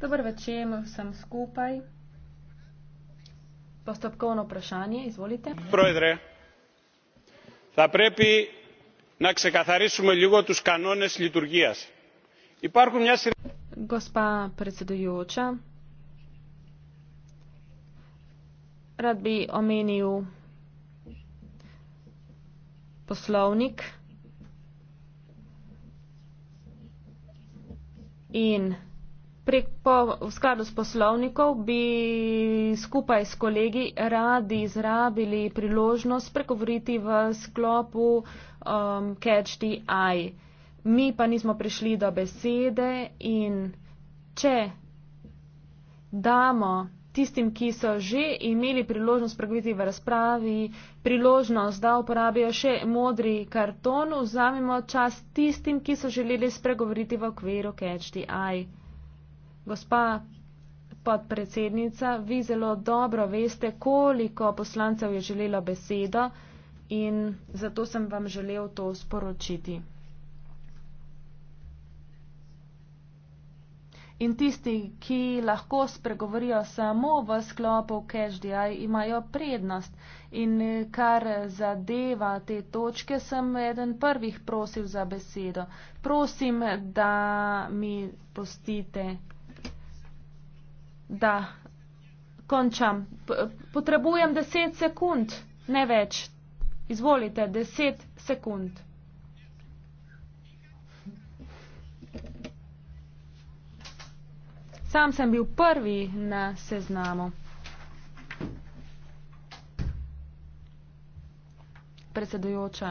Dobro večer vsem skupaj. Postopkovno vprašanje, izvolite. Projedre, za prepi na ksekatarisumo ljugo tus kanones liturgijas. Υπάρχουν μια σειρά. Γκοσπά Πρεσεντεγιώτσα. Ραντμπι Ομίνιου. Ποσλόνικ. Ιν. In prek, po, v skladu s poslovnikov bi skupaj s kolegi radi izrabili priložnost pregovoriti v sklopu um, Catch the Eye. Mi pa nismo prišli do besede in če damo tistim, ki so že imeli priložnost pregovoriti v razpravi, priložnost, da uporabijo še modri karton, vzamemo čas tistim, ki so želeli spregovoriti v okviru Catch the Eye. Gospa podpredsednica, vi zelo dobro veste, koliko poslancev je želelo besedo in zato sem vam želel to sporočiti. In tisti, ki lahko spregovorijo samo v sklopu CashDI, imajo prednost. In kar zadeva te točke, sem eden prvih prosil za besedo. Prosim, da mi postite da končam. P potrebujem 10 sekund, ne več. Izvolite, 10 sekund. Sam sem bil prvi na seznamu. Predsedujoča.